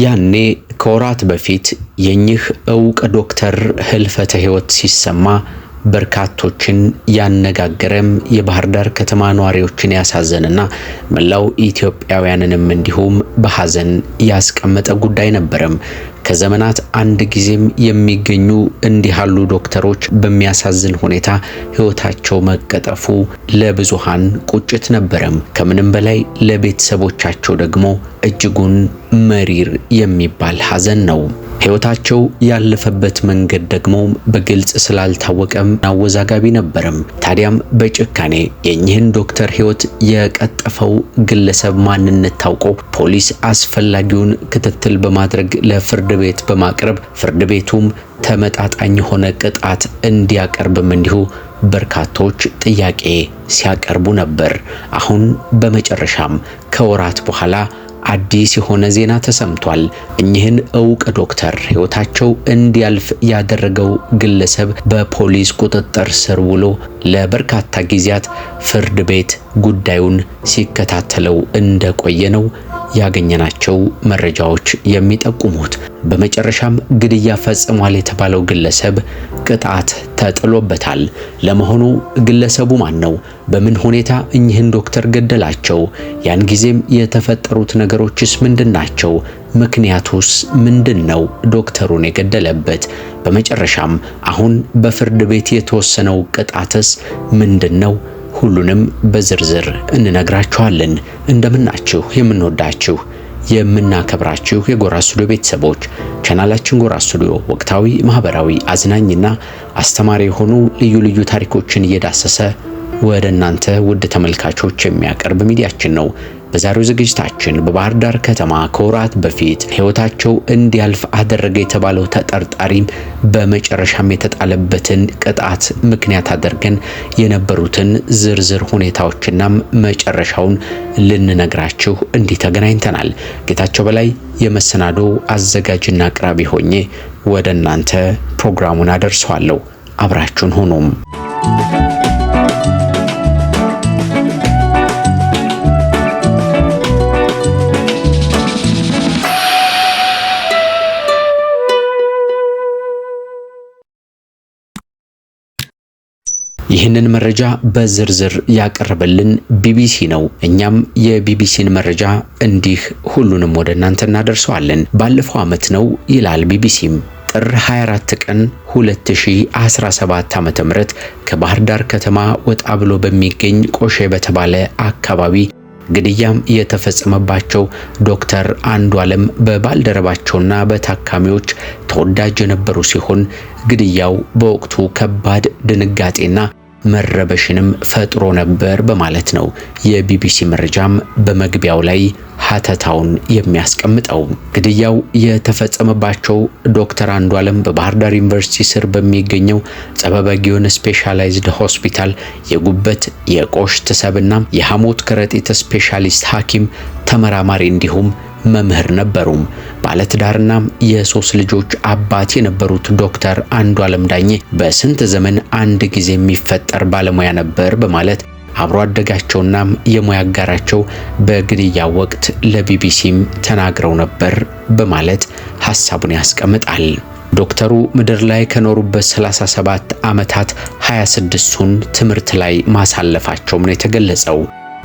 ያኔ ከወራት በፊት የኚህ እውቅ ዶክተር ህልፈተ ሕይወት ሲሰማ በርካቶችን ያነጋገረም የባህር ዳር ከተማ ነዋሪዎችን ያሳዘንና መላው ኢትዮጵያውያንንም እንዲሁም በሐዘን ያስቀመጠ ጉዳይ ነበረም። ከዘመናት አንድ ጊዜም የሚገኙ እንዲህ ያሉ ዶክተሮች በሚያሳዝን ሁኔታ ሕይወታቸው መቀጠፉ ለብዙሃን ቁጭት ነበረም። ከምንም በላይ ለቤተሰቦቻቸው ደግሞ እጅጉን መሪር የሚባል ሐዘን ነው። ሕይወታቸው ያለፈበት መንገድ ደግሞ በግልጽ ስላልታወቀም አወዛጋቢ ነበርም። ታዲያም በጭካኔ የኚህን ዶክተር ሕይወት የቀጠፈው ግለሰብ ማንነት ታውቆ ፖሊስ አስፈላጊውን ክትትል በማድረግ ለፍርድ ቤት በማቅረብ ፍርድ ቤቱም ተመጣጣኝ የሆነ ቅጣት እንዲያቀርብም እንዲሁ በርካቶች ጥያቄ ሲያቀርቡ ነበር። አሁን በመጨረሻም ከወራት በኋላ አዲስ የሆነ ዜና ተሰምቷል። እኚህን እውቅ ዶክተር ሕይወታቸው እንዲያልፍ ያደረገው ግለሰብ በፖሊስ ቁጥጥር ስር ውሎ ለበርካታ ጊዜያት ፍርድ ቤት ጉዳዩን ሲከታተለው እንደቆየ ነው ያገኘናቸው መረጃዎች የሚጠቁሙት። በመጨረሻም ግድያ ፈጽሟል የተባለው ግለሰብ ቅጣት ተጥሎበታል። ለመሆኑ ግለሰቡ ማን ነው? በምን ሁኔታ እኚህን ዶክተር ገደላቸው? ያን ጊዜም የተፈጠሩት ነገሮችስ ምንድን ናቸው? ምክንያቱስ ምንድን ነው ዶክተሩን የገደለበት? በመጨረሻም አሁን በፍርድ ቤት የተወሰነው ቅጣትስ ምንድን ነው? ሁሉንም በዝርዝር እንነግራችኋለን። እንደምናችሁ የምንወዳችሁ የምናከብራችሁ የጎራ ስቱዲዮ ቤተሰቦች ቻናላችን ጎራ ስቱዲዮ ወቅታዊ፣ ማህበራዊ፣ አዝናኝና አስተማሪ የሆኑ ልዩ ልዩ ታሪኮችን እየዳሰሰ ወደ እናንተ ውድ ተመልካቾች የሚያቀርብ ሚዲያችን ነው። በዛሬው ዝግጅታችን በባህር ዳር ከተማ ከወራት በፊት ህይወታቸው እንዲያልፍ አደረገ የተባለው ተጠርጣሪም በመጨረሻም የተጣለበትን ቅጣት ምክንያት አድርገን የነበሩትን ዝርዝር ሁኔታዎችና መጨረሻውን ልንነግራችሁ እንዲህ ተገናኝተናል። ጌታቸው በላይ የመሰናዶ አዘጋጅና አቅራቢ ሆኜ ወደ እናንተ ፕሮግራሙን አደርሰዋለሁ። አብራችሁን ሆኖም ይህንን መረጃ በዝርዝር ያቀረበልን ቢቢሲ ነው። እኛም የቢቢሲን መረጃ እንዲህ ሁሉንም ወደ እናንተ እናደርሰዋለን። ባለፈው ዓመት ነው ይላል ቢቢሲም ጥር 24 ቀን 2017 ዓ.ም ከባህር ዳር ከተማ ወጣ ብሎ በሚገኝ ቆሼ በተባለ አካባቢ ግድያም የተፈጸመባቸው ዶክተር አንዱ ዓለም በባልደረባቸውና በታካሚዎች ተወዳጅ የነበሩ ሲሆን ግድያው በወቅቱ ከባድ ድንጋጤና መረበሽንም ፈጥሮ ነበር በማለት ነው የቢቢሲ መረጃም በመግቢያው ላይ ሀተታውን የሚያስቀምጠው። ግድያው የተፈጸመባቸው ዶክተር አንዷለም በባህር ዳር ዩኒቨርሲቲ ስር በሚገኘው ጸበበ ግዮን ስፔሻላይዝድ ሆስፒታል የጉበት የቆሽት ሰብና የሐሞት ከረጢት ስፔሻሊስት ሐኪም ተመራማሪ እንዲሁም መምህር ነበሩ። ባለትዳርና የሶስት ልጆች አባት የነበሩት ዶክተር አንዱዓለም ዳኜ በስንት ዘመን አንድ ጊዜ የሚፈጠር ባለሙያ ነበር በማለት አብሮ አደጋቸውና የሙያ አጋራቸው በግድያ ወቅት ለቢቢሲም ተናግረው ነበር በማለት ሐሳቡን ያስቀምጣል። ዶክተሩ ምድር ላይ ከኖሩበት 37 ዓመታት 26ቱን ትምህርት ላይ ማሳለፋቸውም ነው የተገለጸው።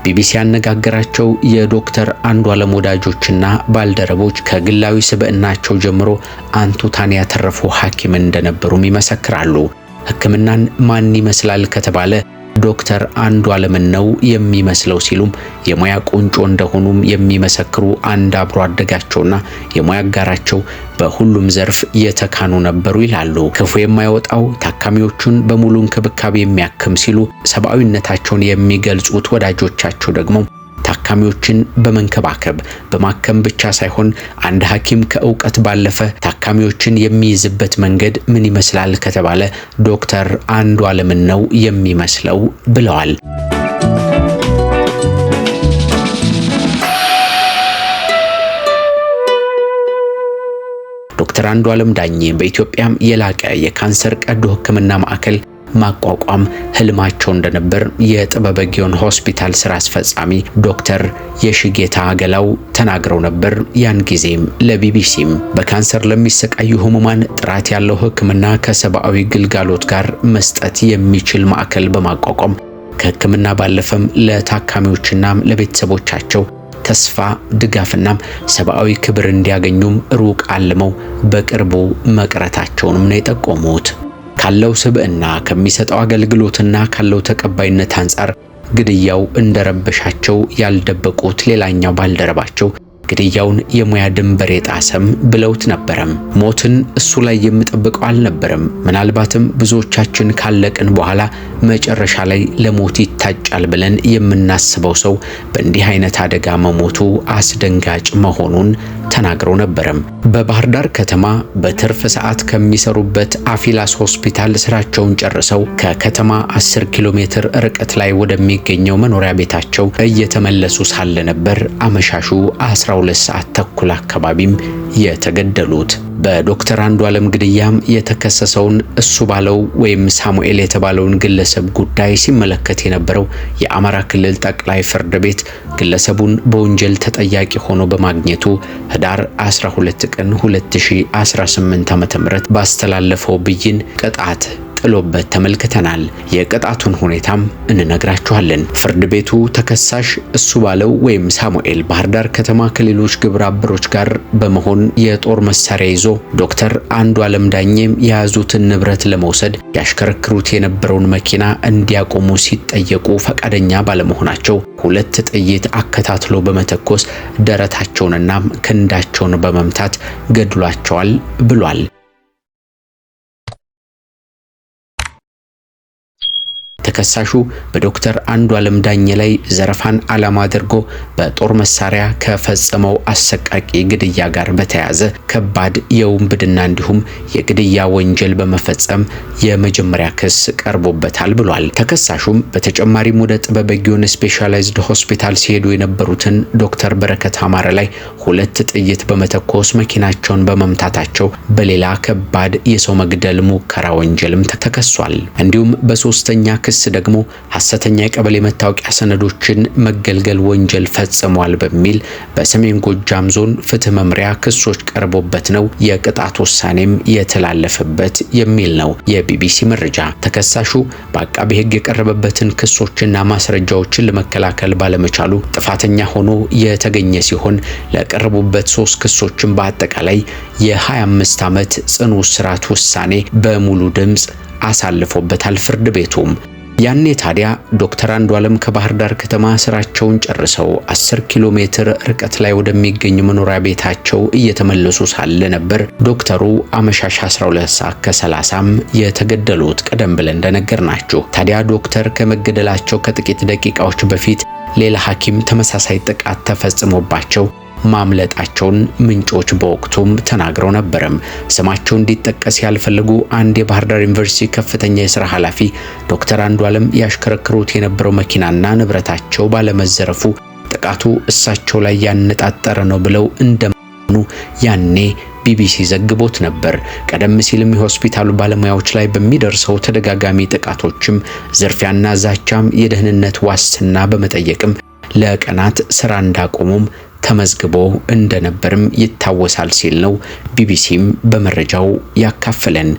ቢቢሲ ያነጋገራቸው የዶክተር አንዱዓለም ወዳጆችና ባልደረቦች ከግላዊ ስብዕናቸው ጀምሮ አንቱታን ያተረፉ ሐኪም እንደነበሩም ይመሰክራሉ። ሕክምናን ማን ይመስላል ከተባለ ዶክተር አንዱ አለምን ነው የሚመስለው ሲሉም የሙያ ቁንጮ እንደሆኑም የሚመሰክሩ አንድ አብሮ አደጋቸውና የሙያ አጋራቸው በሁሉም ዘርፍ የተካኑ ነበሩ ይላሉ። ክፉ የማይወጣው ታካሚዎቹን በሙሉ እንክብካቤ የሚያክም ሲሉ ሰብአዊነታቸውን የሚገልጹት ወዳጆቻቸው ደግሞ ታካሚዎችን በመንከባከብ በማከም ብቻ ሳይሆን አንድ ሐኪም ከእውቀት ባለፈ ታካሚዎችን የሚይዝበት መንገድ ምን ይመስላል ከተባለ ዶክተር አንዱ ዓለምን ነው የሚመስለው ብለዋል። ዶክተር አንዱ ዓለም ዳኜ በኢትዮጵያም የላቀ የካንሰር ቀዶ ሕክምና ማዕከል ማቋቋም ህልማቸው እንደነበር የጥበበ ግዮን ሆስፒታል ስራ አስፈጻሚ ዶክተር የሽጌታ አገላው ተናግረው ነበር። ያን ጊዜም ለቢቢሲም በካንሰር ለሚሰቃዩ ህሙማን ጥራት ያለው ህክምና ከሰብአዊ ግልጋሎት ጋር መስጠት የሚችል ማዕከል በማቋቋም ከህክምና ባለፈም ለታካሚዎችና ለቤተሰቦቻቸው ተስፋ ድጋፍናም ሰብአዊ ክብር እንዲያገኙም ሩቅ አልመው በቅርቡ መቅረታቸውንም ነው የጠቆሙት። ካለው ስብዕና ከሚሰጠው አገልግሎትና ካለው ተቀባይነት አንጻር ግድያው እንደረበሻቸው ያልደበቁት ሌላኛው ባልደረባቸው ግድያውን የሙያ ድንበር የጣሰም ብለውት ነበረም። ሞትን እሱ ላይ የምጠብቀው አልነበረም። ምናልባትም ብዙዎቻችን ካለቅን በኋላ መጨረሻ ላይ ለሞት ይታጫል ብለን የምናስበው ሰው በእንዲህ አይነት አደጋ መሞቱ አስደንጋጭ መሆኑን ተናግሮ ነበረም። በባህር ዳር ከተማ በትርፍ ሰዓት ከሚሰሩበት አፊላስ ሆስፒታል ስራቸውን ጨርሰው ከከተማ 10 ኪሎ ሜትር ርቀት ላይ ወደሚገኘው መኖሪያ ቤታቸው እየተመለሱ ሳለ ነበር አመሻሹ 12 ሰዓት ተኩል አካባቢም የተገደሉት። በዶክተር አንዱ አለም ግድያም የተከሰሰውን እሱ ባለው ወይም ሳሙኤል የተባለውን ግለሰብ ጉዳይ ሲመለከት የነበረው የአማራ ክልል ጠቅላይ ፍርድ ቤት ግለሰቡን በወንጀል ተጠያቂ ሆኖ በማግኘቱ ህዳር 12 ቀን 2018 ዓ.ም ባስተላለፈው ብይን ቅጣት ጥሎበት ተመልክተናል። የቅጣቱን ሁኔታም እንነግራችኋለን። ፍርድ ቤቱ ተከሳሽ እሱ ባለው ወይም ሳሙኤል ባህር ዳር ከተማ ከሌሎች ግብረ አበሮች ጋር በመሆን የጦር መሳሪያ ይዞ ዶክተር አንዱ አለም ዳኘም የያዙትን ንብረት ለመውሰድ ያሽከረክሩት የነበረውን መኪና እንዲያቆሙ ሲጠየቁ ፈቃደኛ ባለመሆናቸው ሁለት ጥይት አከታትሎ በመተኮስ ደረታቸውንና ክንዳቸውን በመምታት ገድሏቸዋል ብሏል። ተከሳሹ በዶክተር አንዱ አለም ዳኘ ላይ ዘረፋን ዓላማ አድርጎ በጦር መሳሪያ ከፈጸመው አሰቃቂ ግድያ ጋር በተያያዘ ከባድ የውንብድና እንዲሁም የግድያ ወንጀል በመፈጸም የመጀመሪያ ክስ ቀርቦበታል ብሏል። ተከሳሹም በተጨማሪም ወደ ጥበበ ግዮን ስፔሻላይዝድ ሆስፒታል ሲሄዱ የነበሩትን ዶክተር በረከት አማረ ላይ ሁለት ጥይት በመተኮስ መኪናቸውን በመምታታቸው በሌላ ከባድ የሰው መግደል ሙከራ ወንጀልም ተከሷል። እንዲሁም በሶስተኛ ክስ ደግሞ ሐሰተኛ የቀበሌ መታወቂያ ሰነዶችን መገልገል ወንጀል ፈጽሟል በሚል በሰሜን ጎጃም ዞን ፍትህ መምሪያ ክሶች ቀርቦበት ነው የቅጣት ውሳኔም የተላለፈበት የሚል ነው የቢቢሲ መረጃ። ተከሳሹ በአቃቢ ሕግ የቀረበበትን ክሶችና ማስረጃዎችን ለመከላከል ባለመቻሉ ጥፋተኛ ሆኖ የተገኘ ሲሆን ለቀረቡበት ሶስት ክሶችን በአጠቃላይ የ25 ዓመት ጽኑ እስራት ውሳኔ በሙሉ ድምፅ አሳልፎበታል። ፍርድ ቤቱም ያኔ ታዲያ ዶክተር አንዷለም ከባህር ዳር ከተማ ስራቸውን ጨርሰው 10 ኪሎ ሜትር ርቀት ላይ ወደሚገኝ መኖሪያ ቤታቸው እየተመለሱ ሳለ ነበር ዶክተሩ አመሻሽ 12 ሰዓት ከ30ም የተገደሉት። ቀደም ብለን እንደነገርናችሁ ታዲያ ዶክተር ከመገደላቸው ከጥቂት ደቂቃዎች በፊት ሌላ ሐኪም ተመሳሳይ ጥቃት ተፈጽሞባቸው ማምለጣቸውን ምንጮች በወቅቱም ተናግረው ነበርም። ስማቸው እንዲጠቀስ ያልፈልጉ አንድ የባህር ዳር ዩኒቨርሲቲ ከፍተኛ የስራ ኃላፊ ዶክተር አንዱ ዓለም ያሽከረክሩት የነበረው መኪናና ንብረታቸው ባለመዘረፉ ጥቃቱ እሳቸው ላይ ያነጣጠረ ነው ብለው እንደማኑ ያኔ ቢቢሲ ዘግቦት ነበር። ቀደም ሲልም የሆስፒታሉ ባለሙያዎች ላይ በሚደርሰው ተደጋጋሚ ጥቃቶችም ዝርፊያና ዛቻም የደህንነት ዋስትና በመጠየቅም ለቀናት ስራ እንዳቆሙም ተመዝግቦ እንደነበርም ይታወሳል ሲል ነው ቢቢሲም በመረጃው ያካፈለን።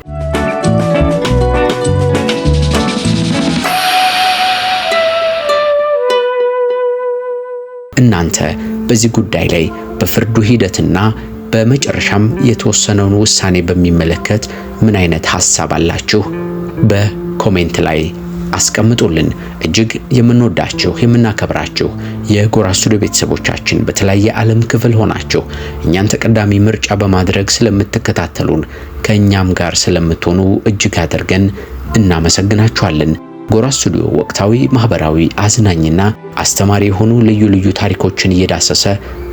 እናንተ በዚህ ጉዳይ ላይ በፍርዱ ሂደትና በመጨረሻም የተወሰነውን ውሳኔ በሚመለከት ምን አይነት ሀሳብ አላችሁ? በኮሜንት ላይ አስቀምጡልን። እጅግ የምንወዳችሁ የምናከብራችሁ የጎራ ስቱዲዮ ቤተሰቦቻችን በተለያየ ዓለም ክፍል ሆናችሁ እኛን ተቀዳሚ ምርጫ በማድረግ ስለምትከታተሉን ከእኛም ጋር ስለምትሆኑ እጅግ አድርገን እናመሰግናችኋለን። ጎራ ስቱዲዮ ወቅታዊ፣ ማህበራዊ፣ አዝናኝና አስተማሪ የሆኑ ልዩ ልዩ ታሪኮችን እየዳሰሰ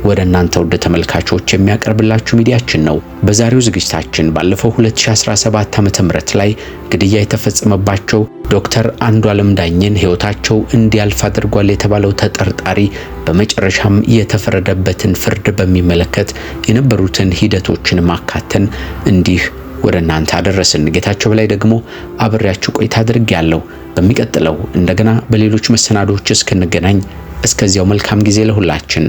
ወደ እናንተ ውድ ተመልካቾች የሚያቀርብላችሁ ሚዲያችን ነው። በዛሬው ዝግጅታችን ባለፈው 2017 ዓ.ም ላይ ግድያ የተፈጸመባቸው ዶክተር አንዱዓለም ዳኘን ህይወታቸው እንዲያልፍ አድርጓል የተባለው ተጠርጣሪ በመጨረሻም የተፈረደበትን ፍርድ በሚመለከት የነበሩትን ሂደቶችን ማካተን እንዲህ ወደ እናንተ አደረስን። ጌታቸው በላይ ደግሞ አብሬያችሁ ቆይታ ያለው በሚቀጥለው እንደገና በሌሎች መሰናዶዎች እስክንገናኝ እስከዚያው መልካም ጊዜ ለሁላችን።